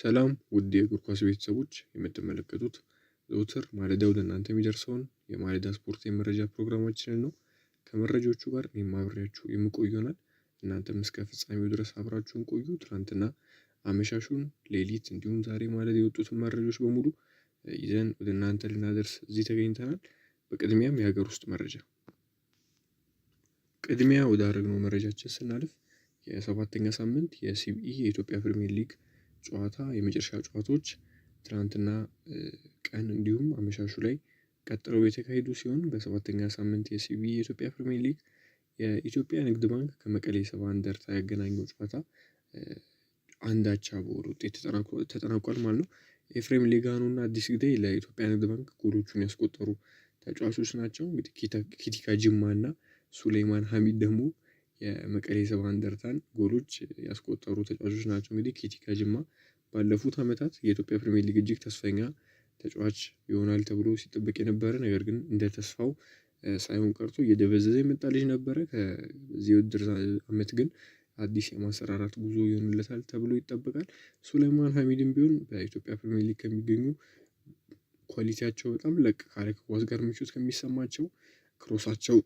ሰላም ውድ የእግር ኳስ ቤተሰቦች የምትመለከቱት ዘውትር ማለዳ ወደ እናንተ የሚደርሰውን የማለዳ ስፖርት የመረጃ ፕሮግራማችንን ነው። ከመረጃዎቹ ጋር እኔም አብሬያችሁ የምቆይ ይሆናል። እናንተም እስከ ፍጻሜው ድረስ አብራችሁን ቆዩ። ትናንትና አመሻሹን፣ ሌሊት እንዲሁም ዛሬ ማለዳ የወጡትን መረጃዎች በሙሉ ይዘን ወደ እናንተ ልናደርስ እዚህ ተገኝተናል። በቅድሚያም የሀገር ውስጥ መረጃ ቅድሚያ ወደ አረግነው መረጃችን ስናልፍ የሰባተኛ ሳምንት የሲቢኢ የኢትዮጵያ ፕሪሚየር ሊግ ጨዋታ የመጨረሻ ጨዋታዎች ትናንትና ቀን እንዲሁም አመሻሹ ላይ ቀጥለው የተካሄዱ ሲሆን በሰባተኛ ሳምንት የሲቢ የኢትዮጵያ ፕሪሚየር ሊግ የኢትዮጵያ ንግድ ባንክ ከመቀሌ ሰባ እንደርታ ያገናኘው ጨዋታ አንድ አቻ በሆነ ውጤት ተጠናቋል ማለት ነው። ኤፍሬም ሊጋኑ እና አዲስ ግዳይ ለኢትዮጵያ ንግድ ባንክ ጎሎቹን ያስቆጠሩ ተጫዋቾች ናቸው። እንግዲህ ኪቲካ ጅማ እና ሱሌይማን ሀሚድ ደግሞ የመቀሌ ሰባ እንደርታን ጎሎች ያስቆጠሩ ተጫዋቾች ናቸው። እንግዲህ ኬቲካ ጅማ ባለፉት ዓመታት የኢትዮጵያ ፕሪሚየር ሊግ እጅግ ተስፈኛ ተጫዋች ይሆናል ተብሎ ሲጠበቅ የነበረ ነገር ግን እንደ ተስፋው ሳይሆን ቀርቶ እየደበዘዘ የመጣ ልጅ ነበረ። ከዚህ ውድድር ዓመት ግን አዲስ የማሰራራት ጉዞ ይሆንለታል ተብሎ ይጠበቃል። ሱለይማን ሀሚድም ቢሆን በኢትዮጵያ ፕሪሚየር ሊግ ከሚገኙ ኳሊቲያቸው በጣም ለቅ ካለ ከኳስ ጋር ምቾት ከሚሰማቸው ክሮሳቸው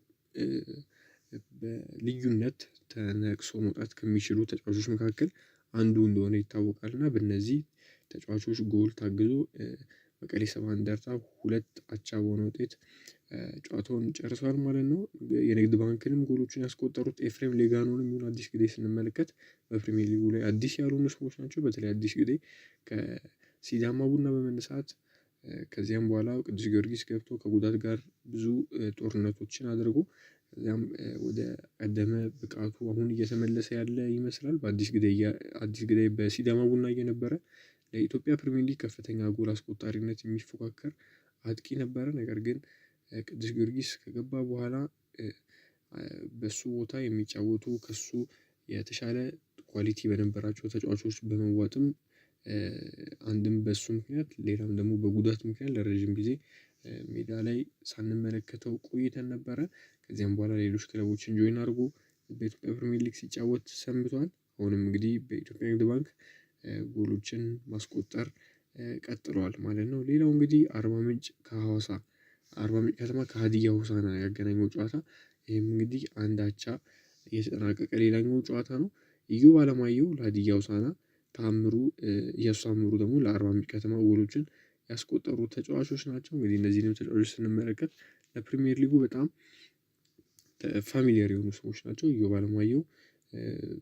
በልዩነት ተነቅሶ መውጣት ከሚችሉ ተጫዋቾች መካከል አንዱ እንደሆነ ይታወቃል። እና በእነዚህ ተጫዋቾች ጎል ታግዞ መቀሌ ሰባ እንደርታ ሁለት አቻ በሆነ ውጤት ጨዋታውን ጨርሷል ማለት ነው። የንግድ ባንክንም ጎሎችን ያስቆጠሩት ኤፍሬም ሌጋኖንም ይሁን አዲስ ጊዜ ስንመለከት በፕሪሚየር ሊጉ ላይ አዲስ ያልሆኑ ስሞች ናቸው። በተለይ አዲስ ጊዜ ከሲዳማ ቡና በመነሳት ከዚያም በኋላ ቅዱስ ጊዮርጊስ ገብቶ ከጉዳት ጋር ብዙ ጦርነቶችን አድርጎ ከዛም ወደ ቀደመ ብቃቱ አሁን እየተመለሰ ያለ ይመስላል። በአዲስ ግዳይ አዲስ ግዳይ በሲዳማ ቡና እየነበረ ለኢትዮጵያ ፕሪሚየር ሊግ ከፍተኛ ጎል አስቆጣሪነት የሚፎካከር አጥቂ ነበረ። ነገር ግን ቅዱስ ጊዮርጊስ ከገባ በኋላ በሱ ቦታ የሚጫወቱ ከሱ የተሻለ ኳሊቲ በነበራቸው ተጫዋቾች በመዋጥም አንድም በሱ ምክንያት ሌላም ደግሞ በጉዳት ምክንያት ለረዥም ጊዜ ሜዳ ላይ ሳንመለከተው ቆይተን ነበረ። ከዚያም በኋላ ሌሎች ክለቦችን ጆይን አድርጎ በኢትዮጵያ ፕሪሚየር ሊግ ሲጫወት ሰንብቷል። አሁንም እንግዲህ በኢትዮጵያ ንግድ ባንክ ጎሎችን ማስቆጠር ቀጥሏል ማለት ነው። ሌላው እንግዲህ አርባ ምንጭ ከሐዋሳ አርባ ምንጭ ከተማ ከሀዲያ ሆሳዕና ያገናኘው ጨዋታ ይህም እንግዲህ አንድ አቻ የተጠናቀቀ ሌላኛው ጨዋታ ነው። ኢዮብ አለማየሁ ለሀዲያ ሆሳዕና ታምሩ ኢያሱ ታምሩ ደግሞ ለአርባ ምንጭ ከተማ ጎሎችን ያስቆጠሩ ተጫዋቾች ናቸው። እንግዲህ እነዚህንም ተጫዋቾች ስንመለከት ለፕሪሚየር ሊጉ በጣም ፋሚሊየር የሆኑ ሰዎች ናቸው። ኢዮብ አለማየሁ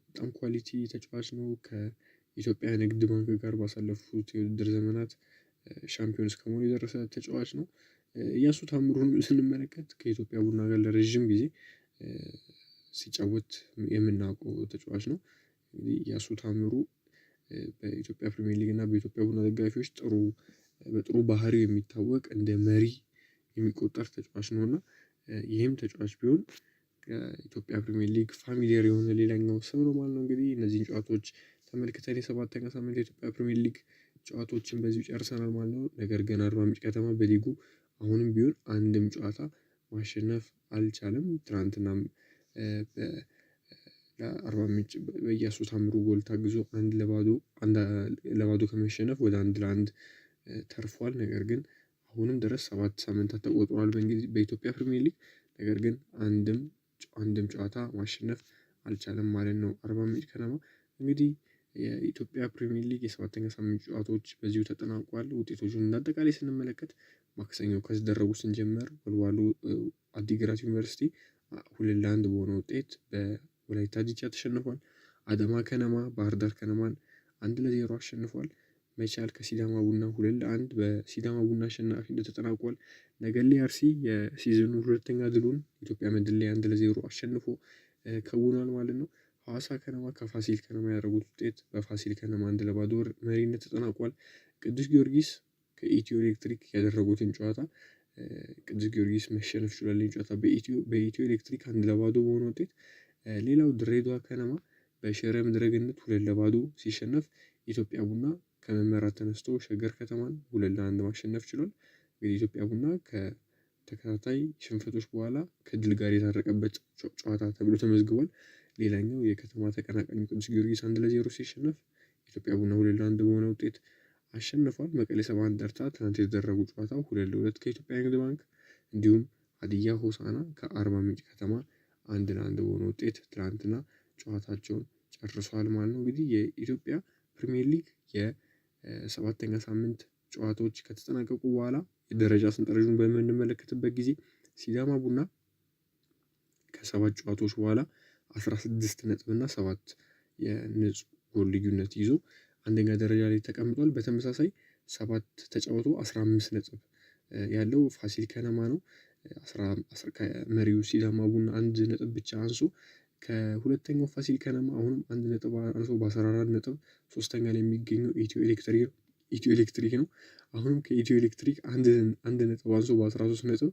በጣም ኳሊቲ ተጫዋች ነው። ከኢትዮጵያ ንግድ ባንክ ጋር ባሳለፉት የውድድር ዘመናት ሻምፒዮን ከመሆኑ የደረሰ ተጫዋች ነው። እያሱ ታምሩን ስንመለከት ከኢትዮጵያ ቡና ጋር ለረዥም ጊዜ ሲጫወት የምናውቀው ተጫዋች ነው። እንግዲህ እያሱ ታምሩ በኢትዮጵያ ፕሪሚየር ሊግ እና በኢትዮጵያ ቡና ደጋፊዎች ጥሩ በጥሩ ባህሪው የሚታወቅ እንደ መሪ የሚቆጠር ተጫዋች ነው። እና ይህም ተጫዋች ቢሆን ከኢትዮጵያ ፕሪሚየር ሊግ ፋሚሊየር የሆነ ሌላኛው ስም ነው ማለት ነው። እንግዲህ እነዚህን ጨዋታዎች ተመልክተን የሰባተኛ ሳምንት የኢትዮጵያ ፕሪሚየር ሊግ ጨዋታዎችን በዚሁ ጨርሰናል ማለት ነው። ነገር ግን አርባ ምንጭ ከተማ በሊጉ አሁንም ቢሆን አንድም ጨዋታ ማሸነፍ አልቻለም። ትናንትና አርባ ምንጭ በኢያሱ ታምሩ ጎል ታግዞ አንድ ለባዶ ከመሸነፍ ወደ አንድ ለአንድ ተርፏል። ነገር ግን አሁንም ድረስ ሰባት ሳምንታት ተቆጥሯል በኢትዮጵያ ፕሪሚየር ሊግ ነገር ግን አንድም አንድም ጨዋታ ማሸነፍ አልቻለም ማለት ነው። አርባ ምንጭ ከነማ እንግዲህ የኢትዮጵያ ፕሪሚየር ሊግ የሰባተኛ ሳምንት ጨዋታዎች በዚሁ ተጠናቋል። ውጤቶቹን እንዳጠቃላይ ስንመለከት ማክሰኞ ከተደረጉ ስንጀምር ወልዋሎ አዲግራት ዩኒቨርሲቲ ሁለት ለአንድ በሆነ ውጤት በወላይታ ዲቻ ተሸንፏል። አዳማ ከነማ ባህር ዳር ከነማን አንድ ለዜሮ አሸንፏል። መቻል ከሲዳማ ቡና ሁለት ለአንድ በሲዳማ ቡና አሸናፊነት ተጠናቋል። ነገሌ አርሲ የሲዝኑ ሁለተኛ ድሉን ኢትዮጵያ መድን ላይ አንድ ለዜሮ አሸንፎ ከውኗል ማለት ነው። ሐዋሳ ከነማ ከፋሲል ከነማ ያደረጉት ውጤት በፋሲል ከነማ አንድ ለባዶ መሪነት ተጠናቋል። ቅዱስ ጊዮርጊስ ከኢትዮ ኤሌክትሪክ ያደረጉትን ጨዋታ ቅዱስ ጊዮርጊስ መሸነፍ ችሏል። ጨዋታ በኢትዮ ኤሌክትሪክ አንድ ለባዶ በሆነ ውጤት። ሌላው ድሬዳዋ ከነማ በሸረ ምድረ ሁለት ለባዶ ሲሸነፍ ኢትዮጵያ ቡና ከመመራት ተነስቶ ሸገር ከተማን ሁለት ለአንድ ማሸነፍ ችሏል። እንግዲህ ኢትዮጵያ ቡና ከተከታታይ ሽንፈቶች በኋላ ከድል ጋር የታረቀበት ጨዋታ ተብሎ ተመዝግቧል። ሌላኛው የከተማ ተቀናቃኝ ቅዱስ ጊዮርጊስ አንድ ለዜሮ ሲሸነፍ ኢትዮጵያ ቡና ሁለት ለአንድ በሆነ ውጤት አሸንፏል። መቀሌ ሰባ እንደርታ ትናንት የተደረጉ ጨዋታ ሁለት ለሁለት ከኢትዮጵያ ንግድ ባንክ እንዲሁም ሀዲያ ሆሳና ከአርባ ምንጭ ከተማ አንድ ለአንድ በሆነ ውጤት ትናንትና ጨዋታቸውን ጨርሷል ማለት ነው። እንግዲህ የኢትዮጵያ ፕሪሚየር ሊግ የ ሰባተኛ ሳምንት ጨዋታዎች ከተጠናቀቁ በኋላ የደረጃ ሰንጠረዡን በምንመለከትበት ጊዜ ሲዳማ ቡና ከሰባት ጨዋታዎች በኋላ አስራ ስድስት ነጥብ እና ሰባት የንጹህ ጎል ልዩነት ይዞ አንደኛ ደረጃ ላይ ተቀምጧል። በተመሳሳይ ሰባት ተጫውቶ አስራ አምስት ነጥብ ያለው ፋሲል ከነማ ነው። መሪው ሲዳማ ቡና አንድ ነጥብ ብቻ አንሶ ከሁለተኛው ፋሲል ከነማ አሁንም አንድ ነጥብ አንሶ በ14 ነጥብ ሶስተኛ ላይ የሚገኘው ኢትዮ ኤሌክትሪክ ኢትዮ ኤሌክትሪክ ነው። አሁንም ከኢትዮ ኤሌክትሪክ አንድ ነጥብ አንሶ በ13 ነጥብ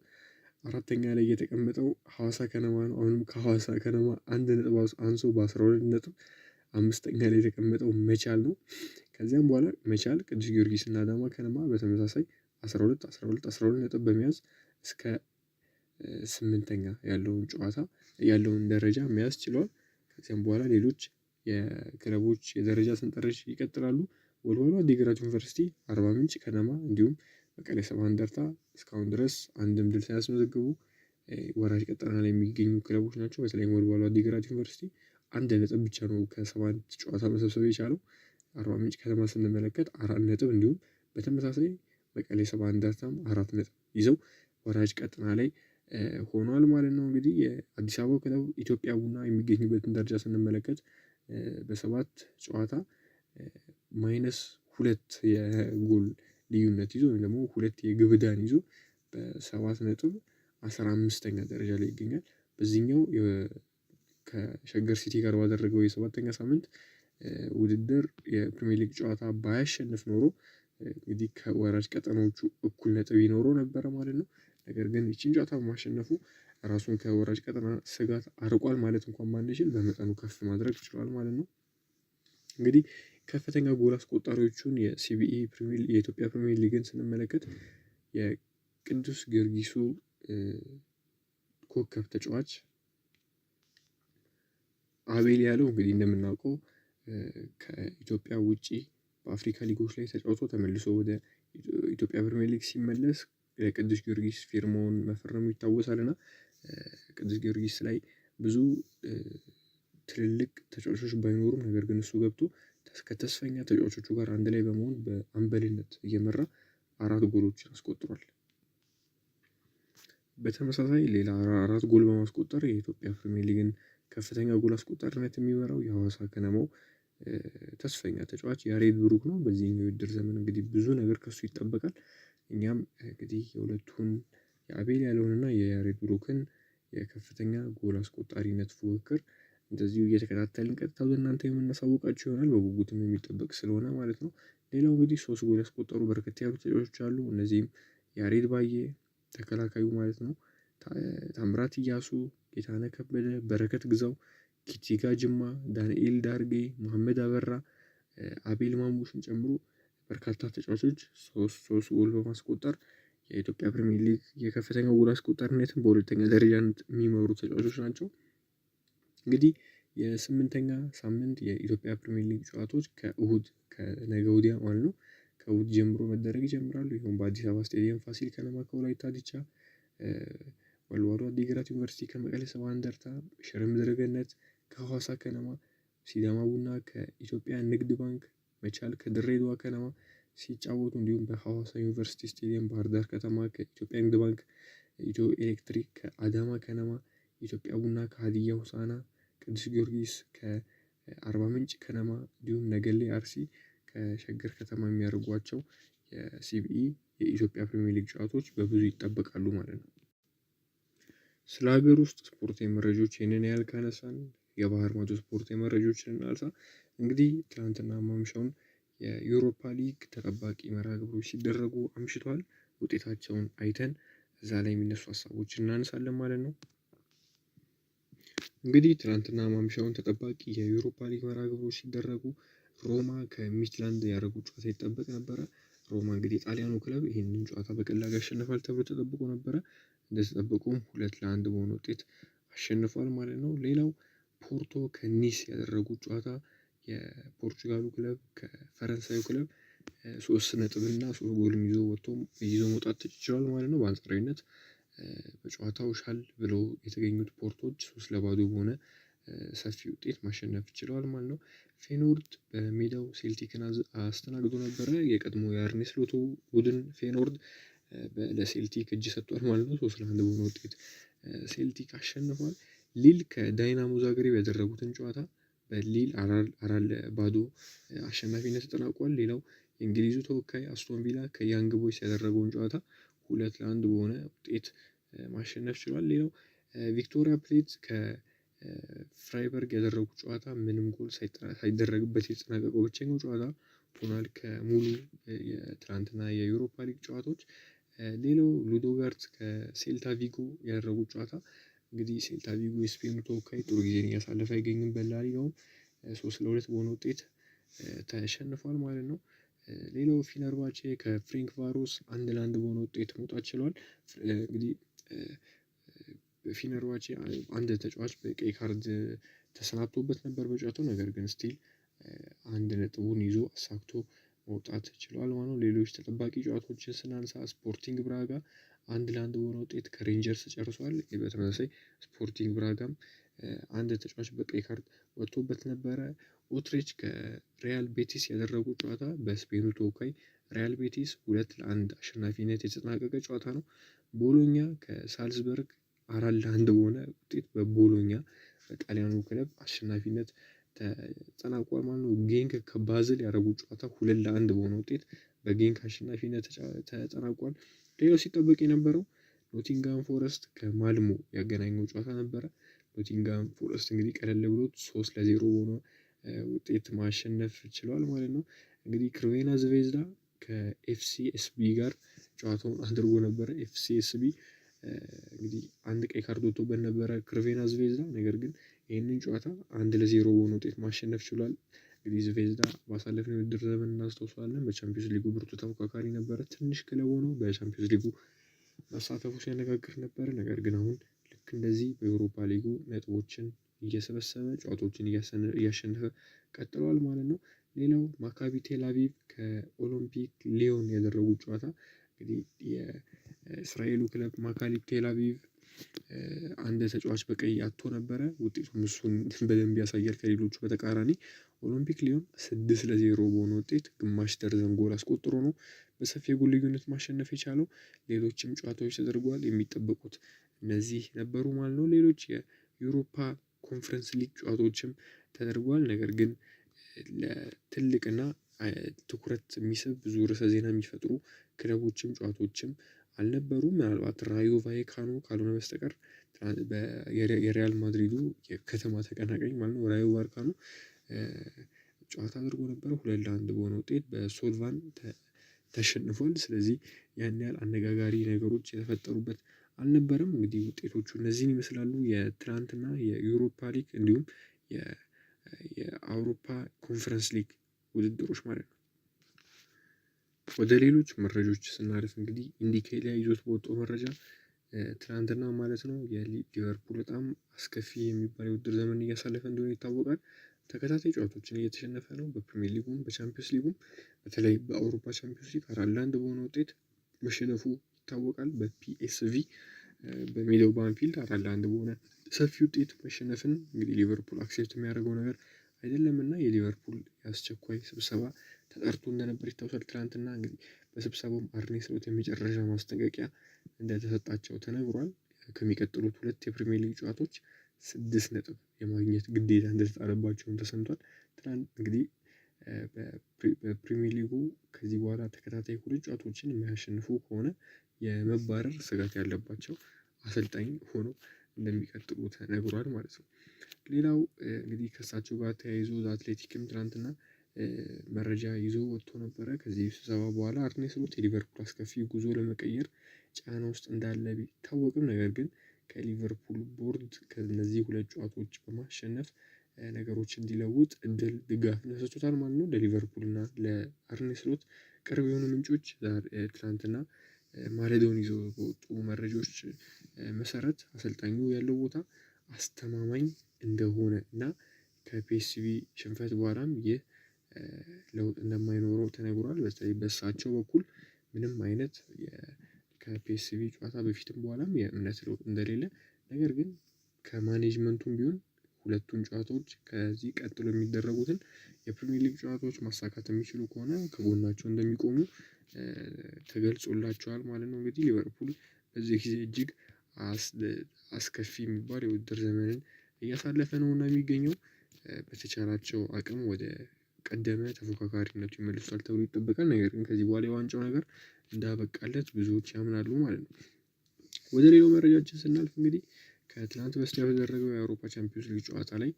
አራተኛ ላይ የተቀመጠው ሐዋሳ ከነማ ነው። አሁንም ከሐዋሳ ከነማ አንድ ነጥብ አንሶ በአስራ ነጥብ አምስተኛ ላይ የተቀመጠው መቻል ነው። ከዚያም በኋላ መቻል፣ ቅዱስ ጊዮርጊስ እና አዳማ ከነማ በተመሳሳይ አስራ ሁለት አስራ ነጥብ በመያዝ እስከ ስምንተኛ ያለውን ጨዋታ ያለውን ደረጃ መያዝ ችሏል። ከዚያም በኋላ ሌሎች የክለቦች የደረጃ ሰንጠረዥ ይቀጥላሉ። ወልዋሎ አዲግራት ዩኒቨርሲቲ፣ አርባ ምንጭ ከነማ እንዲሁም መቀሌ ሰባ እንደርታ እስካሁን ድረስ አንድም ድል ሳያስመዘግቡ ወራጅ ቀጠና ላይ የሚገኙ ክለቦች ናቸው። በተለይም ወልዋሎ አዲግራት ዩኒቨርሲቲ አንድ ነጥብ ብቻ ነው ከሰባት ጨዋታ መሰብሰብ የቻለው። አርባ ምንጭ ከተማ ስንመለከት አራት ነጥብ እንዲሁም በተመሳሳይ መቀሌ ሰባ እንደርታም አራት ነጥብ ይዘው ወራጅ ቀጠና ላይ ሆኗል ማለት ነው። እንግዲህ የአዲስ አበባ ክለብ ኢትዮጵያ ቡና የሚገኝበትን ደረጃ ስንመለከት በሰባት ጨዋታ ማይነስ ሁለት የጎል ልዩነት ይዞ ወይም ደግሞ ሁለት የግብ ዕዳን ይዞ በሰባት ነጥብ አስራ አምስተኛ ደረጃ ላይ ይገኛል። በዚህኛው ከሸገር ሲቲ ጋር ባደረገው የሰባተኛ ሳምንት ውድድር የፕሪሚየር ሊግ ጨዋታ ባያሸንፍ ኖሮ እንግዲህ ከወራጅ ቀጠናዎቹ እኩል ነጥብ ይኖረው ነበረ ማለት ነው። ነገር ግን ይችን ጨዋታ በማሸነፉ ራሱን ከወራጅ ቀጠና ስጋት አርቋል ማለት እንኳን ባንችል በመጠኑ ከፍ ማድረግ ችሏል ማለት ነው። እንግዲህ ከፍተኛ ጎል አስቆጣሪዎቹን የሲቢኢ የኢትዮጵያ ፕሪሚየር ሊግን ስንመለከት የቅዱስ ጊዮርጊሱ ኮከብ ተጫዋች አቤል ያለው እንግዲህ እንደምናውቀው ከኢትዮጵያ ውጪ በአፍሪካ ሊጎች ላይ ተጫውቶ ተመልሶ ወደ ኢትዮጵያ ፕሪሚየር ሊግ ሲመለስ ቅዱስ ጊዮርጊስ ፊርማውን መፈረሙ ይታወሳል እና ቅዱስ ጊዮርጊስ ላይ ብዙ ትልልቅ ተጫዋቾች ባይኖሩም ነገር ግን እሱ ገብቶ ከተስፈኛ ተጫዋቾቹ ጋር አንድ ላይ በመሆን በአምበልነት እየመራ አራት ጎሎችን አስቆጥሯል። በተመሳሳይ ሌላ አራት ጎል በማስቆጠር የኢትዮጵያ ፕሪሚየር ሊግን ከፍተኛ ጎል አስቆጣሪነት የሚመራው የሐዋሳ ከነማው ተስፈኛ ተጫዋች ያሬድ ብሩክ ነው። በዚህኛው የውድድር ዘመን እንግዲህ ብዙ ነገር ከሱ ይጠበቃል። እኛም እንግዲህ የሁለቱን የአቤል ያለውንና የያሬድ ብሩክን የከፍተኛ ጎል አስቆጣሪነት ፉክክር እንደዚሁ እየተከታተልን ቀጥታ በእናንተ የምናሳውቃቸው ይሆናል። በጉጉትም የሚጠበቅ ስለሆነ ማለት ነው። ሌላው እንግዲህ ሶስት ጎል ያስቆጠሩ በርከት ያሉ ተጫዋቾች አሉ። እነዚህም ያሬድ ባዬ ተከላካዩ ማለት ነው፣ ታምራት እያሱ፣ ጌታነህ ከበደ፣ በረከት ግዛው ጅጅጋ ጅማ፣ ዳንኤል ዳርጌ፣ መሐመድ አበራ፣ አቤል ማሙሽን ጨምሮ በርካታ ተጫዋቾች ሶስት ሶስት ጎል በማስቆጠር የኢትዮጵያ ፕሪሚየር ሊግ የከፍተኛ ጎል አስቆጣሪነትን በሁለተኛ ደረጃ የሚመሩ ተጫዋቾች ናቸው። እንግዲህ የስምንተኛ ሳምንት የኢትዮጵያ ፕሪሚየር ሊግ ጨዋታዎች ከእሁድ ከነገ ወዲያ ማለት ነው ከእሁድ ጀምሮ መደረግ ይጀምራሉ። ይሁን በአዲስ አበባ ስቴዲየም ፋሲል ከነማ ከወላይታ ዲቻ፣ ወልዋሎ አዲግራት ዩኒቨርሲቲ ከመቀለ ሰባ እንደርታ፣ ሽረ ከሐዋሳ ከነማ፣ ሲዳማ ቡና ከኢትዮጵያ ንግድ ባንክ፣ መቻል ከድሬዳዋ ከነማ ሲጫወቱ እንዲሁም በሐዋሳ ዩኒቨርሲቲ ስቴዲየም ባህር ዳር ከተማ ከኢትዮጵያ ንግድ ባንክ፣ ኢትዮ ኤሌክትሪክ ከአዳማ ከነማ፣ ኢትዮጵያ ቡና ከሀዲያ ሆሳና፣ ቅዱስ ጊዮርጊስ ከአርባ ምንጭ ከነማ እንዲሁም ነገሌ አርሲ ከሸገር ከተማ የሚያደርጓቸው የሲቢኢ የኢትዮጵያ ፕሪሚየር ሊግ ጨዋታዎች በብዙ ይጠበቃሉ ማለት ነው። ስለ ሀገር ውስጥ ስፖርታዊ መረጃዎች ይህንን ያህል ካነሳን የባህር ማዶ ስፖርት መረጃዎችን እናንሳ። እንግዲህ ትላንትና ማምሻውን የዩሮፓ ሊግ ተጠባቂ መርሃ ግብሮች ሲደረጉ አምሽቷል ውጤታቸውን አይተን እዛ ላይ የሚነሱ ሀሳቦች እናነሳለን ማለት ነው። እንግዲህ ትላንትና ማምሻውን ተጠባቂ የዩሮፓ ሊግ መርሃ ግብሮች ሲደረጉ ሮማ ከሚትላንድ ያደረጉ ጨዋታ ይጠበቅ ነበረ። ሮማ እንግዲህ የጣሊያኑ ክለብ ይህንን ጨዋታ በቀላሉ ያሸንፋል ተብሎ ተጠብቆ ነበረ እንደተጠበቀውም ሁለት ለአንድ በሆነ ውጤት አሸንፏል ማለት ነው። ሌላው ፖርቶ ከኒስ ያደረጉት ጨዋታ የፖርቹጋሉ ክለብ ከፈረንሳዩ ክለብ ሶስት ነጥብ እና ሶስት ጎልም ይዞ ወጥቶ ይዞ መውጣት ችሏል ማለት ነው። በአንጻራዊነት በጨዋታው ሻል ብለው የተገኙት ፖርቶች ሶስት ለባዶ በሆነ ሰፊ ውጤት ማሸነፍ ችለዋል ማለት ነው። ፌኖርድ በሜዳው ሴልቲክን አስተናግዶ ነበረ። የቀድሞ የአርኔስ ሎቶ ቡድን ፌኖርድ ለሴልቲክ እጅ ሰጥቷል ማለት ነው። ሶስት ለአንድ በሆነ ውጤት ሴልቲክ አሸንፏል። ሊል ከዳይናሞ ዛግሬብ ያደረጉትን ጨዋታ በሊል አራት ለባዶ አሸናፊነት ተጠናቋል። ሌላው የእንግሊዙ ተወካይ አስቶን ቪላ ከያንግ ቦይስ ያደረገውን ጨዋታ ሁለት ለአንድ በሆነ ውጤት ማሸነፍ ችሏል። ሌላው ቪክቶሪያ ፕሌት ከፍራይበርግ ያደረጉት ጨዋታ ምንም ጎል ሳይደረግበት የተጠናቀቀው ብቸኛው ጨዋታ ሆኗል ከሙሉ የትናንትና የዩሮፓ ሊግ ጨዋታዎች። ሌላው ሉዶጋርት ከሴልታ ቪጎ ያደረጉት ጨዋታ እንግዲህ ሴልታ ቪጎ የስፔኑ ተወካይ ጥሩ ጊዜን እያሳለፈ አይገኝም። ነው ሶስት ለሁለት በሆነ ውጤት ተሸንፏል ማለት ነው። ሌላው ፊነርባቼ ከፍሬንክ ቫሮስ አንድ ለአንድ በሆነ ውጤት መውጣት ችሏል። እንግዲህ ፊነርባቼ አንድ ተጫዋች በቀይ ካርድ ተሰናብቶበት ነበር በጨዋታው። ነገር ግን ስቲል አንድ ነጥቡን ይዞ አሳክቶ መውጣት ችሏል ማለት ነው። ሌሎች ተጠባቂ ጨዋታዎችን ስናንሳ ስፖርቲንግ ብራጋ አንድ ለአንድ በሆነ ውጤት ከሬንጀርስ ጨርሷል። በተመሳሳይ ስፖርቲንግ ብራጋም አንድ ተጫዋች በቀይ ካርድ ወጥቶበት ነበረ። ኦትሬች ከሪያል ቤቲስ ያደረጉ ጨዋታ በስፔኑ ተወካይ ሪያል ቤቲስ ሁለት ለአንድ አሸናፊነት የተጠናቀቀ ጨዋታ ነው። ቦሎኛ ከሳልዝበርግ አራት ለአንድ በሆነ ውጤት በቦሎኛ በጣሊያኑ ክለብ አሸናፊነት ተጠናቋል ማለት ነው። ጌንክ ከባዝል ያደረጉ ጨዋታ ሁለት ለአንድ በሆነ ውጤት በጌንክ አሸናፊነት ተጠናቋል። ሌላው ሲጠበቅ የነበረው ኖቲንጋም ፎረስት ከማልሞ ያገናኘው ጨዋታ ነበረ። ኖቲንጋም ፎረስት እንግዲህ ቀለል ብሎት ሶስት ለዜሮ በሆነ ውጤት ማሸነፍ ችሏል ማለት ነው። እንግዲህ ክሮዌና ዝቬዝዳ ከኤፍሲኤስቢ ጋር ጨዋታውን አድርጎ ነበረ። ኤፍሲኤስቢ እንግዲህ አንድ ቀይ ካርድ ወጥቶበት ነበረ ክሮቬና ዝቬዝዳ ነገር ግን ይህንን ጨዋታ አንድ ለዜሮ በሆነ ውጤት ማሸነፍ ችሏል። እንግዲህ ዝቬዝዳ ባሳለፍነው የውድድር ዘመን እናስታውሰዋለን። በቻምፒዮንስ ሊጉ ብርቱ ተፎካካሪ ነበረ። ትንሽ ክለብ ሆኖ በቻምፒዮንስ ሊጉ መሳተፉ ሲያነጋግር ነበረ። ነገር ግን አሁን ልክ እንደዚህ በኤውሮፓ ሊጉ ነጥቦችን እየሰበሰበ ጨዋታዎችን እያሸነፈ ቀጥሏል ማለት ነው። ሌላው ማካቢ ቴላቪቭ ከኦሎምፒክ ሊዮን ያደረጉት ጨዋታ እንግዲህ የእስራኤሉ ክለብ ማካቢ ቴላቪቭ አንድ ተጫዋች በቀይ አቶ ነበረ ውጤቱም እሱን በደንብ ያሳያል። ከሌሎቹ በተቃራኒ ኦሎምፒክ ሊዮን ስድስት ለዜሮ በሆነ ውጤት ግማሽ ደርዘን ጎል አስቆጥሮ ነው በሰፊ የጎል ልዩነት ማሸነፍ የቻለው። ሌሎችም ጨዋታዎች ተደርጓል የሚጠበቁት እነዚህ ነበሩ ማለት ነው። ሌሎች የዩሮፓ ኮንፈረንስ ሊግ ጨዋታዎችም ተደርጓል። ነገር ግን ለትልቅና ትኩረት የሚስብ ብዙ ርዕሰ ዜና የሚፈጥሩ ክለቦችም ጨዋታዎችም አልነበሩም። ምናልባት ራዮ ቫይካኖ ካልሆነ በስተቀር የሪያል ማድሪዱ የከተማ ተቀናቃኝ ማለት ነው ራዮ ቫይካኖ ጨዋታ አድርጎ ነበረ ሁለት ለአንድ በሆነ ውጤት በሶልቫን ተሸንፏል። ስለዚህ ያን ያህል አነጋጋሪ ነገሮች የተፈጠሩበት አልነበረም። እንግዲህ ውጤቶቹ እነዚህን ይመስላሉ የትናንትና የዩሮፓ ሊግ እንዲሁም የአውሮፓ ኮንፈረንስ ሊግ ውድድሮች ማለት ነው ወደ ሌሎች መረጃዎች ስናልፍ እንግዲህ ኢንዲኬሊያ ይዞት በወጡ መረጃ ትናንትና ማለት ነው የሊቨርፑል በጣም አስከፊ የሚባል የውድድር ዘመን እያሳለፈ እንደሆነ ይታወቃል። ተከታታይ ጨዋታዎችን እየተሸነፈ ነው። በፕሪሚየር ሊጉም በቻምፒዮንስ ሊጉም በተለይ በአውሮፓ ቻምፒዮንስ ሊግ አራት ለአንድ በሆነ ውጤት መሸነፉ ይታወቃል። በፒኤስቪ በሜዳው በአንፊልድ አራት ለአንድ በሆነ ሰፊ ውጤት መሸነፍን እንግዲህ ሊቨርፑል አክሴፕት የሚያደርገው ነገር አይደለም እና የሊቨርፑል የአስቸኳይ ስብሰባ ተጠርቶ እንደነበር ይታወሳል። ትላንትና እንግዲህ በስብሰባውም አርኔ ስሎት የመጨረሻ ማስጠንቀቂያ እንደተሰጣቸው ተነግሯል። ከሚቀጥሉት ሁለት የፕሪሚየር ሊግ ጨዋታዎች ስድስት ነጥብ የማግኘት ግዴታ እንደተጣለባቸውም ተሰምቷል። ትናንት እንግዲህ በፕሪሚየር ሊጉ ከዚህ በኋላ ተከታታይ ሁለት ጨዋታዎችን የሚያሸንፉ ከሆነ የመባረር ስጋት ያለባቸው አሰልጣኝ ሆኖ እንደሚቀጥሉ ተነግሯል ማለት ነው። ሌላው እንግዲህ ከእሳቸው ጋር ተያይዞ አትሌቲክም ትናንትና መረጃ ይዞ ወጥቶ ነበረ። ከዚህ ስብሰባ በኋላ አርኔ ስሎት የሊቨርፑል አስከፊ ጉዞ ለመቀየር ጫና ውስጥ እንዳለ ቢታወቅም ነገር ግን ከሊቨርፑል ቦርድ ከነዚህ ሁለት ጨዋታዎች በማሸነፍ ነገሮች እንዲለውጥ እድል ድጋፍ ተሰጥቶታል ማለት ነው። ለሊቨርፑል እና ለአርኔ ስሎት ቅርብ የሆኑ ምንጮች ትናንትና ማለዳውን ይዘው በወጡ መረጃዎች መሰረት አሰልጣኙ ያለው ቦታ አስተማማኝ እንደሆነ እና ከፒኤስቪ ሽንፈት በኋላም ይህ ለውጥ እንደማይኖረው ተነግሯል። በተለይ በእሳቸው በኩል ምንም አይነት ከፒኤስቪ ጨዋታ በፊትም በኋላም የእምነት ለውጥ እንደሌለ ነገር ግን ከማኔጅመንቱም ቢሆን ሁለቱን ጨዋታዎች ከዚህ ቀጥሎ የሚደረጉትን የፕሪሚየር ሊግ ጨዋታዎች ማሳካት የሚችሉ ከሆነ ከጎናቸው እንደሚቆሙ ተገልጾላቸዋል ማለት ነው። እንግዲህ ሊቨርፑል በዚህ ጊዜ እጅግ አስከፊ የሚባል የውድድር ዘመንን እያሳለፈ ነው እና የሚገኘው በተቻላቸው አቅም ወደ ቀደመ ተፎካካሪነቱ ይመልሷል ተብሎ ይጠበቃል። ነገር ግን ከዚህ በኋላ የዋንጫው ነገር እንዳበቃለት ብዙዎች ያምናሉ ማለት ነው። ወደ ሌላው መረጃችን ስናልፍ እንግዲህ ከትናንት በስቲያ በተደረገው የአውሮፓ ቻምፒዮንስ ሊግ ጨዋታ ላይ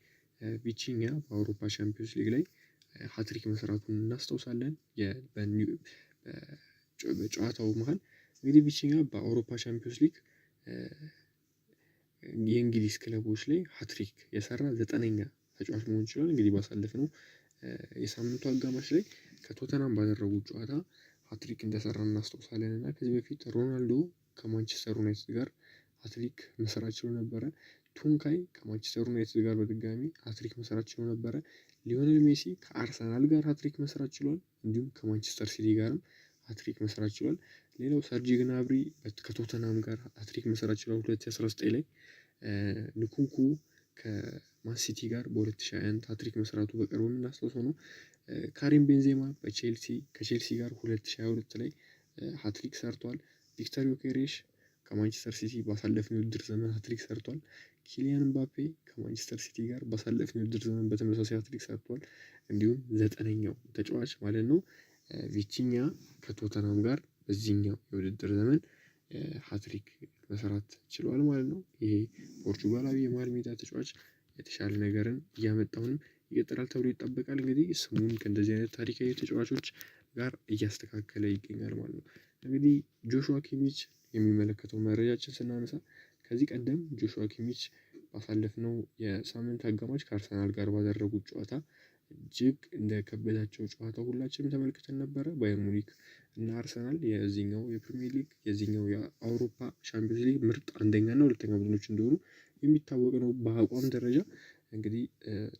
ቪቺኛ በአውሮፓ ቻምፒዮንስ ሊግ ላይ ሀትሪክ መስራቱን እናስታውሳለን። በጨዋታው መሀል እንግዲህ ቪቺኛ በአውሮፓ ቻምፒዮንስ ሊግ የእንግሊዝ ክለቦች ላይ ሀትሪክ የሰራ ዘጠነኛ ተጫዋች መሆን ይችላል። እንግዲህ ነው የሳምንቱ አጋማሽ ላይ ከቶተናም ባደረጉት ጨዋታ ሀትሪክ እንደሰራ እናስታውሳለን እና ከዚህ በፊት ሮናልዶ ከማንቸስተር ዩናይትድ ጋር ሀትሪክ መስራት ችሎ ነበረ። ቱንካይ ከማንቸስተር ዩናይትድ ጋር በድጋሚ ሀትሪክ መስራት ችሎ ነበረ። ሊዮኔል ሜሲ ከአርሰናል ጋር ሀትሪክ መስራት ችሏል። እንዲሁም ከማንቸስተር ሲቲ ጋርም ሀትሪክ መስራት ችሏል። ሌላው ሰርጂ ግናብሪ ከቶተናም ጋር ሀትሪክ መስራት ችሏል 2019 ላይ ንኩንኩ ከማንሲቲ ጋር በ2021 ታትሪክ መስራቱ በቅርቡ የምናስታውሰው ነው። ካሪም ቤንዜማ በቼልሲ ከቼልሲ ጋር 2022 ላይ ሀትሪክ ሰርቷል። ቪክተር ዮኬሬሽ ከማንቸስተር ሲቲ ባሳለፍን የውድድር ዘመን ሀትሪክ ሰርቷል። ኪሊያን ምባፔ ከማንቸስተር ሲቲ ጋር ባሳለፍን የውድድር ዘመን በተመሳሳይ ሀትሪክ ሰርቷል። እንዲሁም ዘጠነኛው ተጫዋች ማለት ነው ቪቲኛ ከቶተናም ጋር በዚህኛው የውድድር ዘመን ሃትሪክ መስራት ችሏል ማለት ነው። ይሄ ፖርቹጋላዊ የመሃል ሜዳ ተጫዋች የተሻለ ነገርን እያመጣሁንም ይቀጥላል ተብሎ ይጠበቃል። እንግዲህ ስሙን ከእንደዚህ አይነት ታሪካዊ ተጫዋቾች ጋር እያስተካከለ ይገኛል ማለት ነው። እንግዲህ ጆሹዋ ኪሚች የሚመለከተው መረጃችን ስናነሳ ከዚህ ቀደም ጆሹዋ ኪሚች ባሳለፍነው የሳምንት አጋማሽ ከአርሰናል ጋር ባደረጉት ጨዋታ እጅግ ከበዳቸው ጨዋታ ሁላችንም ተመልክተን ነበረ። ባየር ሙኒክ እና አርሰናል የዚህኛው የፕሪሚየር ሊግ የዚህኛው የአውሮፓ ሻምፒዮንስ ሊግ ምርጥ አንደኛ እና ሁለተኛ ቡድኖች እንደሆኑ የሚታወቅ ነው። በአቋም ደረጃ እንግዲህ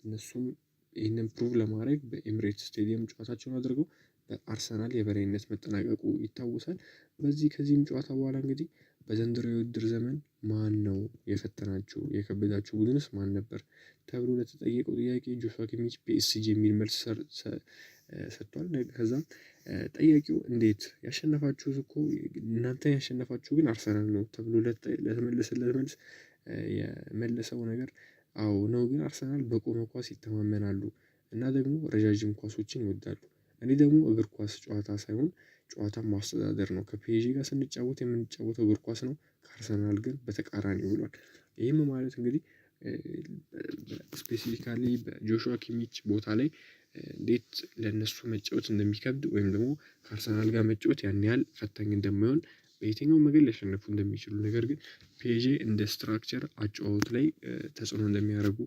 እነሱም ይህንን ፕሩቭ ለማድረግ በኤምሬት ስቴዲየም ጨዋታቸውን አድርገው በአርሰናል የበላይነት መጠናቀቁ ይታወሳል። በዚህ ከዚህም ጨዋታ በኋላ እንግዲህ በዘንድሮ የውድድር ዘመን ማን ነው የፈተናችሁ የከበዳችሁ ቡድንስ ማን ነበር? ተብሎ ለተጠየቀው ጥያቄ ጆሹዋ ኪሚች ፒኤስጂ የሚል መልስ ሰጥቷል። ከዛም ጠያቂው እንዴት ያሸነፋችሁ እኮ እናንተ ያሸነፋችሁ ግን አርሰናል ነው ተብሎ ለተመለሰለት መልስ የመለሰው ነገር አዎ ነው፣ ግን አርሰናል በቆመ ኳስ ይተማመናሉ እና ደግሞ ረዣዥም ኳሶችን ይወዳሉ። እኔ ደግሞ እግር ኳስ ጨዋታ ሳይሆን ጨዋታ ማስተዳደር ነው። ከፒጂ ጋር ስንጫወት የምንጫወተው እግር ኳስ ነው ከአርሰናል ግን በተቃራኒ ብሏል። ይህም ማለት እንግዲህ ስፔሲፊካሊ በጆሹዋ ኪሚች ቦታ ላይ እንዴት ለእነሱ መጫወት እንደሚከብድ ወይም ደግሞ ከአርሰናል ጋር መጫወት ያን ያህል ፈታኝ እንደማይሆን በየትኛው መንገድ ሊያሸንፉ እንደሚችሉ ነገር ግን ፒጂ እንደ ስትራክቸር አጫወት ላይ ተጽዕኖ እንደሚያደርጉ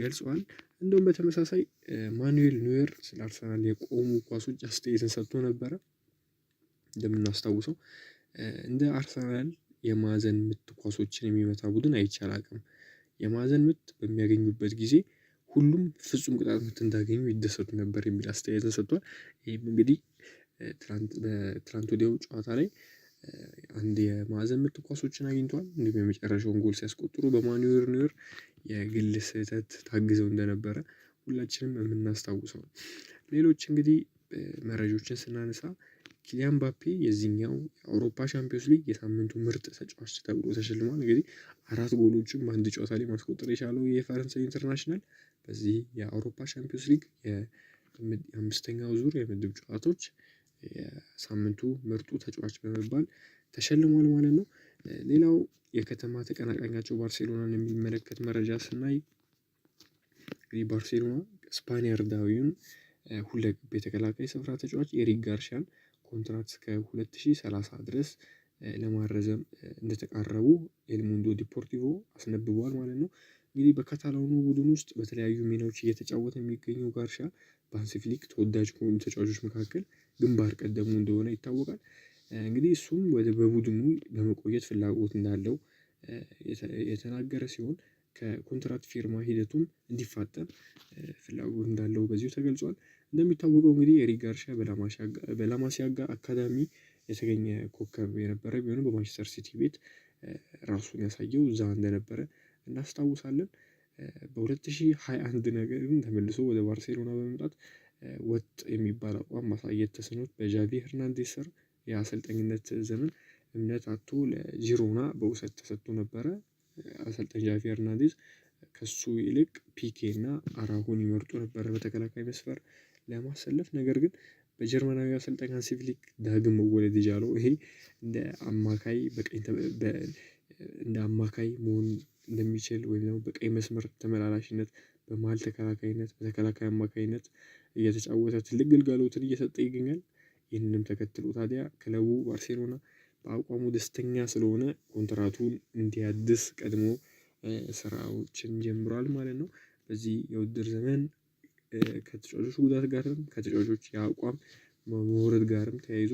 ገልጸዋል። እንደውም በተመሳሳይ ማኑዌል ኒዌር ስለ አርሰናል የቆሙ ኳሶች አስተያየትን ሰጥቶ ነበረ እንደምናስታውሰው እንደ አርሰናል የማዕዘን ምት ኳሶችን የሚመታ ቡድን አይቼ አላውቅም። የማዕዘን ምት በሚያገኙበት ጊዜ ሁሉም ፍጹም ቅጣት ምት እንዳገኙ ይደሰቱ ነበር የሚል አስተያየትን ሰጥቷል። ይህም እንግዲህ ትላንት ወዲያው ጨዋታ ላይ አንድ የማዕዘን ምት ኳሶችን አግኝቷል። እንዲሁም የመጨረሻውን ጎል ሲያስቆጥሩ በማኑዌል ኖየር የግል ስህተት ታግዘው እንደነበረ ሁላችንም የምናስታውሰው ነው። ሌሎች እንግዲህ መረጃዎችን ስናነሳ ኪሊያን ባፔ የዚህኛው የአውሮፓ ሻምፒዮንስ ሊግ የሳምንቱ ምርጥ ተጫዋች ተብሎ ተሸልሟል። እንግዲህ አራት ጎሎችን በአንድ ጨዋታ ላይ ማስቆጠር የቻለው የፈረንሳይ ኢንተርናሽናል በዚህ የአውሮፓ ሻምፒዮንስ ሊግ የአምስተኛው ዙር የምድብ ጨዋታዎች የሳምንቱ ምርጡ ተጫዋች በመባል ተሸልሟል ማለት ነው። ሌላው የከተማ ተቀናቃኛቸው ባርሴሎናን የሚመለከት መረጃ ስናይ እንግዲህ ባርሴሎና ስፓኒያርዳዊውን ሁለገብ የተከላካይ ስፍራ ተጫዋች ኤሪክ ጋርሻን ኮንትራት እስከ 2030 ድረስ ለማረዘም እንደተቃረቡ ኤልሙንዶ ዲፖርቲቮ አስነብቧል ማለት ነው። እንግዲህ በካታላኑ ቡድን ውስጥ በተለያዩ ሚናዎች እየተጫወተ የሚገኘው ጋርሻ በሃንሲ ፍሊክ ተወዳጅ ከሆኑ ተጫዋቾች መካከል ግንባር ቀደሙ እንደሆነ ይታወቃል። እንግዲህ እሱም ወደ በቡድኑ ለመቆየት ፍላጎት እንዳለው የተናገረ ሲሆን ከኮንትራት ፊርማ ሂደቱም እንዲፋጠን ፍላጎት እንዳለው በዚሁ ተገልጿል። እንደሚታወቀው እንግዲህ ኤሪክ ጋርሻ በላማሲያጋ አካዳሚ የተገኘ ኮከብ የነበረ ቢሆንም በማንቸስተር ሲቲ ቤት ራሱን ያሳየው እዛ እንደነበረ እናስታውሳለን። በ2021 ነገር ግን ተመልሶ ወደ ባርሴሎና በመምጣት ወጥ የሚባል አቋም ማሳየት ተስኖት በዣቪ ሄርናንዴዝ ስር የአሰልጠኝነት ዘመን እምነት አቶ ለጂሮና በውሰት ተሰጥቶ ነበረ። አሰልጣኝ ዣቪ ሄርናንዴዝ ከሱ ይልቅ ፒኬ እና አራሁን ይመርጡ ነበረ በተከላካይ መስፈር። ለማሰለፍ ነገር ግን በጀርመናዊ አሰልጣኝ ሃንሲ ፍሊክ ዳግም መወለድ የቻለው ይሄ እንደ አማካይ በቀኝ እንደ አማካይ መሆን እንደሚችል ወይም ደግሞ በቀኝ መስመር ተመላላሽነት በመሀል ተከላካይነት በተከላካይ አማካኝነት እየተጫወተ ትልቅ ግልጋሎትን እየሰጠ ይገኛል። ይህንንም ተከትሎ ታዲያ ክለቡ ባርሴሎና በአቋሙ ደስተኛ ስለሆነ ኮንትራቱን እንዲያድስ ቀድሞ ስራዎችን ጀምሯል ማለት ነው። በዚህ የውድድር ዘመን ከተጫዋቾች ጉዳት ጋርም ከተጫዋቾች የአቋም መውረድ ጋርም ተያይዞ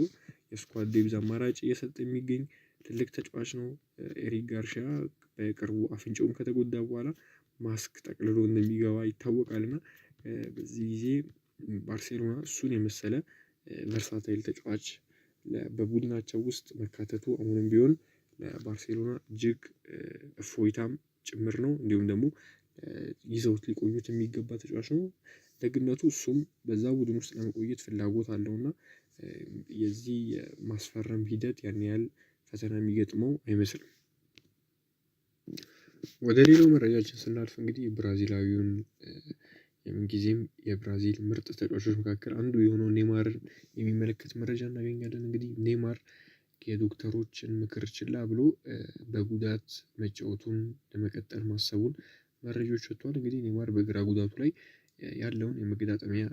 የስኳድ ዴብዝ አማራጭ እየሰጠ የሚገኝ ትልቅ ተጫዋች ነው። ኤሪክ ጋርሺያ በቅርቡ አፍንጫውን ከተጎዳ በኋላ ማስክ ጠቅልሎ እንደሚገባ ይታወቃል። እና በዚህ ጊዜ ባርሴሎና እሱን የመሰለ ቨርሳታይል ተጫዋች በቡድናቸው ውስጥ መካተቱ አሁንም ቢሆን ለባርሴሎና እጅግ እፎይታም ጭምር ነው። እንዲሁም ደግሞ ይዘውት ሊቆዩት የሚገባ ተጫዋች ነው። ደግነቱ እሱም በዛ ቡድን ውስጥ ለመቆየት ፍላጎት አለውና የዚህ የማስፈረም ሂደት ያን ያህል ፈተና የሚገጥመው አይመስልም። ወደ ሌላው መረጃችን ስናልፍ እንግዲህ ብራዚላዊውን የምንጊዜም የብራዚል ምርጥ ተጫዋቾች መካከል አንዱ የሆነው ኔማርን የሚመለከት መረጃ እናገኛለን። እንግዲህ ኔማር የዶክተሮችን ምክር ችላ ብሎ በጉዳት መጫወቱን ለመቀጠል ማሰቡን መረጃዎች ወጥተዋል። እንግዲህ ኔማር በግራ ጉዳቱ ላይ ያለውን የመገጣጠሚያ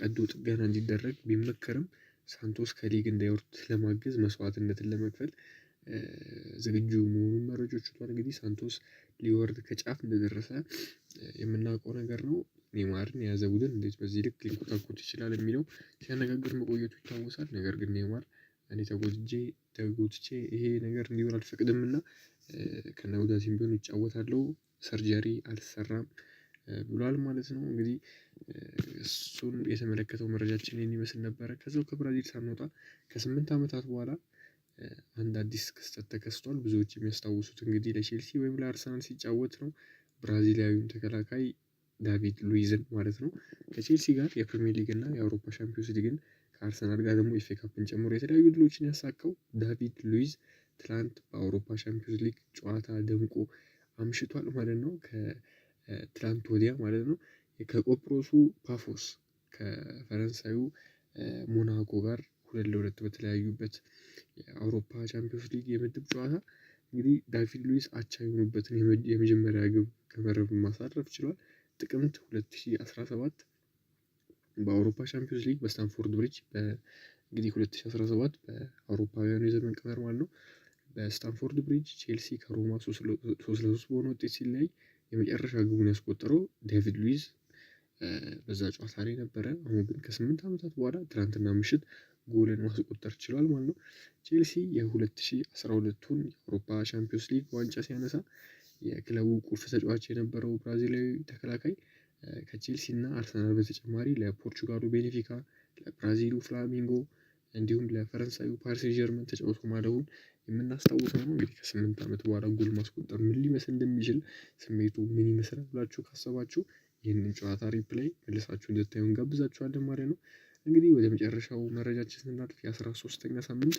ቀዶ ጥገና እንዲደረግ ቢመከርም ሳንቶስ ከሊግ እንዳይወርድ ለማገዝ መስዋዕትነትን ለመክፈል ዝግጁ መሆኑን መረጃዎች ወጥቷል። እንግዲህ ሳንቶስ ሊወርድ ከጫፍ እንደደረሰ የምናውቀው ነገር ነው። ኔማርን የያዘ ቡድን እንዴት በዚህ ልክ ሊንኮታኮት ይችላል የሚለው ሲያነጋግር መቆየቱ ይታወሳል። ነገር ግን ኔማር እኔ ተጎድቼ ተጎድቼ ይሄ ነገር እንዲሆን አልፈቅድምና ከነ ጉዳቴም ቢሆን ሰርጀሪ አልሰራም ብሏል ማለት ነው። እንግዲህ እሱን የተመለከተው መረጃችን ይህን ይመስል ነበረ። ከዚው ከብራዚል ሳንወጣ ከስምንት ዓመታት በኋላ አንድ አዲስ ክስተት ተከስቷል። ብዙዎች የሚያስታውሱት እንግዲህ ለቼልሲ ወይም ለአርሰናል ሲጫወት ነው። ብራዚላዊውን ተከላካይ ዳቪድ ሉዊዝን ማለት ነው ከቼልሲ ጋር የፕሪሚየር ሊግ እና የአውሮፓ ሻምፒዮንስ ሊግን ከአርሰናል ጋር ደግሞ ኤፍ ካፕን ጨምሮ የተለያዩ ድሎችን ያሳካው ዳቪድ ሉዊዝ ትላንት በአውሮፓ ሻምፒዮንስ ሊግ ጨዋታ ደምቆ አምሽቷል ማለት ነው። ትላንት ወዲያ ማለት ነው ከቆጵሮሱ ፓፎስ ከፈረንሳዩ ሞናኮ ጋር ሁለት ለሁለት በተለያዩበት የአውሮፓ ቻምፒዮንስ ሊግ የምድብ ጨዋታ እንግዲህ ዳቪድ ሉዊስ አቻ የሆኑበትን የመጀመሪያ ግብ ከመረብ ማሳረፍ ችሏል። ጥቅምት 2017 በአውሮፓ ቻምፒዮንስ ሊግ በስታንፎርድ ብሪጅ እንግዲህ 2017 በአውሮፓውያኑ የዘመን ቀመር ማለት ነው። በስታንፎርድ ብሪጅ ቼልሲ ከሮማ ሶስት ለሶስት በሆነ ውጤት ሲለያይ የመጨረሻ ግቡን ያስቆጠረው ዴቪድ ሉዊዝ በዛ ጨዋታ ላይ ነበረ። አሁን ግን ከስምንት ዓመታት በኋላ ትናንትና ምሽት ጎልን ማስቆጠር ችሏል ማለት ነው። ቼልሲ የ2012ቱን የአውሮፓ ቻምፒዮንስ ሊግ ዋንጫ ሲያነሳ የክለቡ ቁልፍ ተጫዋች የነበረው ብራዚላዊ ተከላካይ ከቼልሲ እና አርሰናል በተጨማሪ ለፖርቹጋሉ ቤኔፊካ፣ ለብራዚሉ ፍላሚንጎ እንዲሁም ለፈረንሳዩ ፓሪስ ጀርመን ተጫውቶ ማደቡን የምናስታውሰው ነው። እንግዲህ ከስምንት ዓመት በኋላ ጎል ማስቆጠር ምን ሊመስል እንደሚችል ስሜቱ ምን ይመስላል ብላችሁ ካሰባችሁ ይህንን ጨዋታ ሪፕላይ መልሳችሁ እንድታዩ እንጋብዛችኋለን ማለት ነው። እንግዲህ ወደ መጨረሻው መረጃችን ስናልፍ የአስራ ሶስተኛ ሳምንት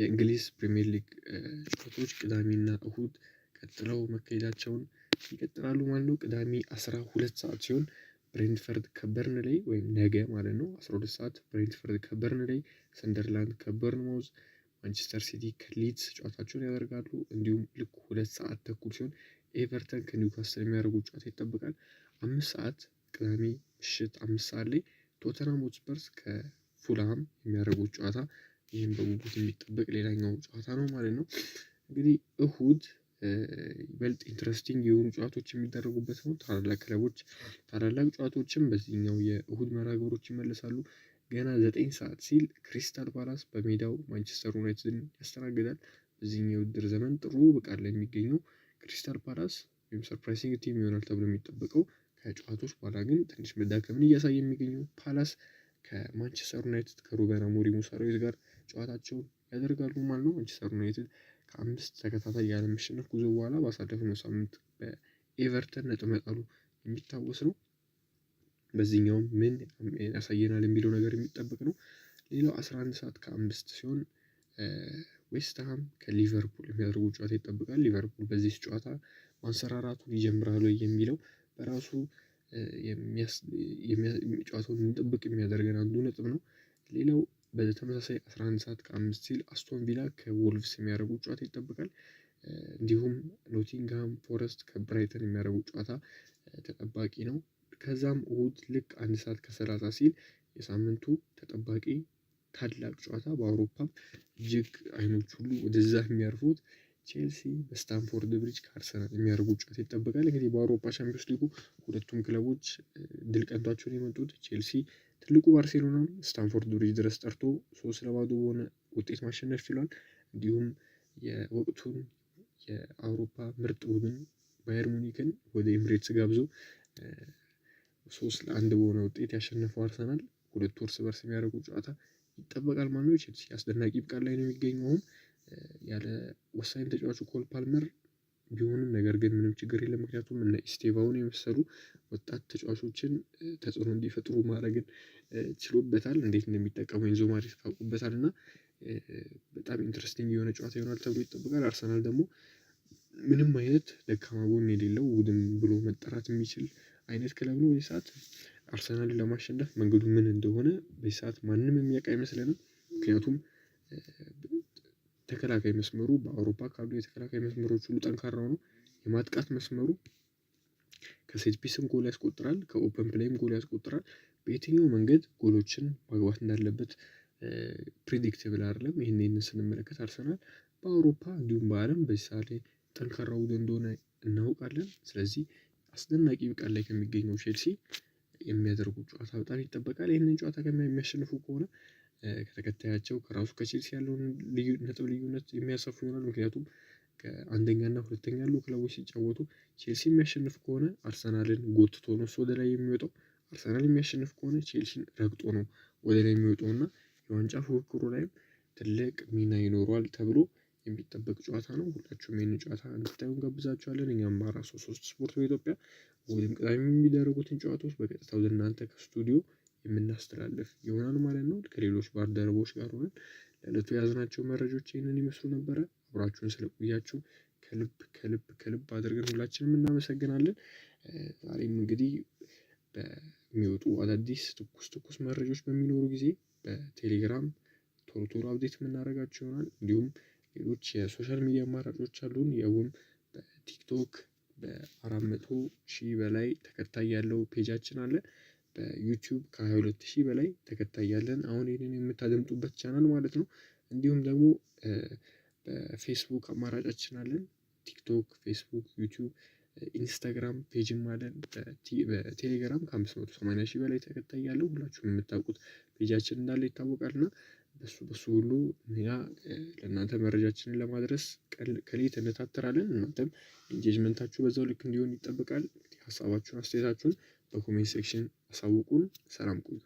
የእንግሊዝ ፕሪሚየር ሊግ ጨዋታዎች ቅዳሜና እሁድ ቀጥለው መካሄዳቸውን ይቀጥላሉ ማለት ነው። ቅዳሜ አስራ ሁለት ሰዓት ሲሆን ብሬንትፈርድ ከበርንሌይ ወይም ነገ ማለት ነው 12 ሰዓት ብሬንትፈርድ ከበርንሌይ፣ ሰንደርላንድ ከቦርንማውዝ፣ ማንቸስተር ሲቲ ከሊድስ ጨዋታቸውን ያደርጋሉ። እንዲሁም ልክ ሁለት ሰዓት ተኩል ሲሆን ኤቨርተን ከኒውካስል የሚያደርጉ ጨዋታ ይጠበቃል። አምስት ሰዓት ቅዳሜ ምሽት አምስት ሰዓት ላይ ቶተናም ሆትስፐርስ ከፉልሃም የሚያደርጉ ጨዋታ ይህም በጉጉት የሚጠበቅ ሌላኛው ጨዋታ ነው ማለት ነው እንግዲህ እሁድ ይበልጥ ኢንትረስቲንግ የሆኑ ጨዋታዎች የሚደረጉበት ነው። ታላላቅ ክለቦች ታላላቅ ጨዋታዎችም በዚህኛው የእሁድ መራግብሮች ይመለሳሉ። ገና ዘጠኝ ሰዓት ሲል ክሪስታል ፓላስ በሜዳው ማንቸስተር ዩናይትድን ያስተናግዳል። በዚህኛው የውድድር ዘመን ጥሩ ብቃት ላይ የሚገኘው ክሪስታል ፓላስ ወይም ሰርፕራይሲንግ ቲም ይሆናል ተብሎ የሚጠበቀው ከጨዋታዎች በኋላ ግን ትንሽ መዳከምን እያሳየ የሚገኘው ፓላስ ከማንቸስተር ዩናይትድ ከሩበን አሞሪም ሰራዊት ጋር ጨዋታቸውን ያደርጋሉ ማለት ነው። ማንቸስተር ዩናይትድ ከአምስት ተከታታይ ያለመሸነፍ ጉዞ በኋላ ባሳለፍነው ሳምንት በኤቨርተን ነጥብ መጣሉ የሚታወስ ነው። በዚህኛውም ምን ያሳየናል የሚለው ነገር የሚጠበቅ ነው። ሌላው 11 ሰዓት ከአምስት ሲሆን ዌስትሃም ከሊቨርፑል የሚያደርጉ ጨዋታ ይጠብቃል። ሊቨርፑል በዚህ ጨዋታ ማንሰራራቱ ይጀምራሉ ወይ የሚለው በራሱ ጨዋታውን እንጠብቅ የሚያደርገን አንዱ ነጥብ ነው። ሌላው በተመሳሳይ 11 ሰዓት ከአምስት ሲል አስቶን ቪላ ከወልቭስ የሚያደርጉ ጨዋታ ይጠበቃል። እንዲሁም ኖቲንግሃም ፎረስት ከብራይተን የሚያደርጉ ጨዋታ ተጠባቂ ነው። ከዛም እሁድ ልክ አንድ ሰዓት ከሰላሳ ሲል የሳምንቱ ተጠባቂ ታላቅ ጨዋታ በአውሮፓ እጅግ አይኖች ሁሉ ወደዛ የሚያርፉት ቼልሲ በስታንፎርድ ብሪጅ ከአርሰናል የሚያደርጉ ጨዋታ ይጠበቃል። እንግዲህ በአውሮፓ ሻምፒዮንስ ሊጉ ሁለቱም ክለቦች ድል ቀንቷቸውን የመጡት ቼልሲ ትልቁ ባርሴሎና ስታንፎርድ ብሪጅ ድረስ ጠርቶ ሶስት ለባዶ በሆነ ውጤት ማሸነፍ ችሏል። እንዲሁም የወቅቱን የአውሮፓ ምርጥ ቡድን ባየር ሙኒክን ወደ ኤምሬትስ ጋብዞ ሶስት ለአንድ በሆነ ውጤት ያሸነፈው አርሰናል ሁለቱ እርስ በርስ የሚያደርጉ ጨዋታ ይጠበቃል ማለት ነው። ቼልሲ አስደናቂ ብቃት ላይ ነው የሚገኘው። አሁን ያለ ወሳኝ ተጫዋቹ ኮል ፓልመር ቢሆንም ነገር ግን ምንም ችግር የለም። ምክንያቱም እነ ኢስቴቫውን የመሰሉ ወጣት ተጫዋቾችን ተጽዕኖ እንዲፈጥሩ ማድረግን ችሎበታል። እንዴት እንደሚጠቀሙ ኤንዞ ማሬስካ ታውቁበታል እና በጣም ኢንትረስቲንግ የሆነ ጨዋታ ይሆናል ተብሎ ይጠበቃል። አርሰናል ደግሞ ምንም አይነት ደካማ ጎን የሌለው ቡድን ብሎ መጠራት የሚችል አይነት ክለብ ነው። በዚህ ሰዓት አርሰናልን ለማሸነፍ መንገዱ ምን እንደሆነ በዚህ ሰዓት ማንም የሚያውቅ አይመስለንም። ምክንያቱም ተከላካይ መስመሩ በአውሮፓ ካሉ የተከላካይ መስመሮች ሁሉ ጠንካራው ነው። የማጥቃት መስመሩ ከሴት ፒስም ጎል ያስቆጥራል፣ ከኦፐን ፕሌይም ጎል ያስቆጥራል። በየትኛው መንገድ ጎሎችን ማግባት እንዳለበት ፕሪዲክትብል አይደለም። ይህን ይህንን ስንመለከት አርሰናል በአውሮፓ እንዲሁም በዓለም በዚህ ሰዓት ላይ ጠንካራ እንደሆነ እናውቃለን። ስለዚህ አስደናቂ ብቃት ላይ ከሚገኘው ቼልሲ የሚያደርጉት ጨዋታ በጣም ይጠበቃል። ይህንን ጨዋታ ከሚያሸንፉ ከሆነ ከተከታያቸው ከራሱ ከቼልሲ ያለውን ነጥብ ልዩነት የሚያሰፉ ይሆናል። ምክንያቱም ከአንደኛና ሁለተኛ ያሉ ክለቦች ሲጫወቱ ቼልሲ የሚያሸንፍ ከሆነ አርሰናልን ጎትቶ ነው እሱ ወደ ላይ የሚወጣው። አርሰናል የሚያሸንፍ ከሆነ ቼልሲን ረግጦ ነው ወደ ላይ የሚወጣው እና የዋንጫ ፉክክሩ ላይም ትልቅ ሚና ይኖረዋል ተብሎ የሚጠበቅ ጨዋታ ነው። ሁላችሁም ይህን ጨዋታ እንድታዩ እንጋብዛችኋለን። እኛም በአራት ሶስት ስፖርት በኢትዮጵያ ወይም ቅዳሜ የሚደረጉትን ጨዋታዎች በቀጥታ ወደ እናንተ ከስቱዲዮ የምናስተላልፍ ይሆናል ማለት ነው። ከሌሎች ባልደረቦች ጋር ሆነን ለዕለቱ የያዝናቸው መረጃዎች ይህንን ይመስሉ ነበረ። አብራችሁን ስለቆያችሁ ከልብ ከልብ ከልብ አድርገን ሁላችንም እናመሰግናለን። ዛሬም እንግዲህ በሚወጡ አዳዲስ ትኩስ ትኩስ መረጃዎች በሚኖሩ ጊዜ በቴሌግራም ቶሎ ቶሎ አብዴት የምናደርጋቸው ይሆናል። እንዲሁም ሌሎች የሶሻል ሚዲያ አማራጮች አሉን። ያውም በቲክቶክ በአራት መቶ ሺህ በላይ ተከታይ ያለው ፔጃችን አለ። በዩቲዩብ ከ22 ሺህ በላይ ተከታይ ያለን አሁን ይህንን የምታደምጡበት ቻናል ማለት ነው። እንዲሁም ደግሞ በፌስቡክ አማራጫችን አለን። ቲክቶክ፣ ፌስቡክ፣ ዩቲዩብ፣ ኢንስታግራም ፔጅም አለን። በቴሌግራም ከ580 ሺህ በላይ ተከታይ ያለው ሁላችሁም የምታውቁት ፔጃችን እንዳለ ይታወቃል እና በሱ በሱ ሁሉ እኛ ለእናንተ መረጃችንን ለማድረስ ከሌት እንታተራለን። እናንተም ኢንጌጅመንታችሁ በዛው ልክ እንዲሆን ይጠበቃል። ሀሳባችሁን አስተያየታችሁን በኮሜንት ሴክሽን አሳውቁን። ሰላም ቆዩ።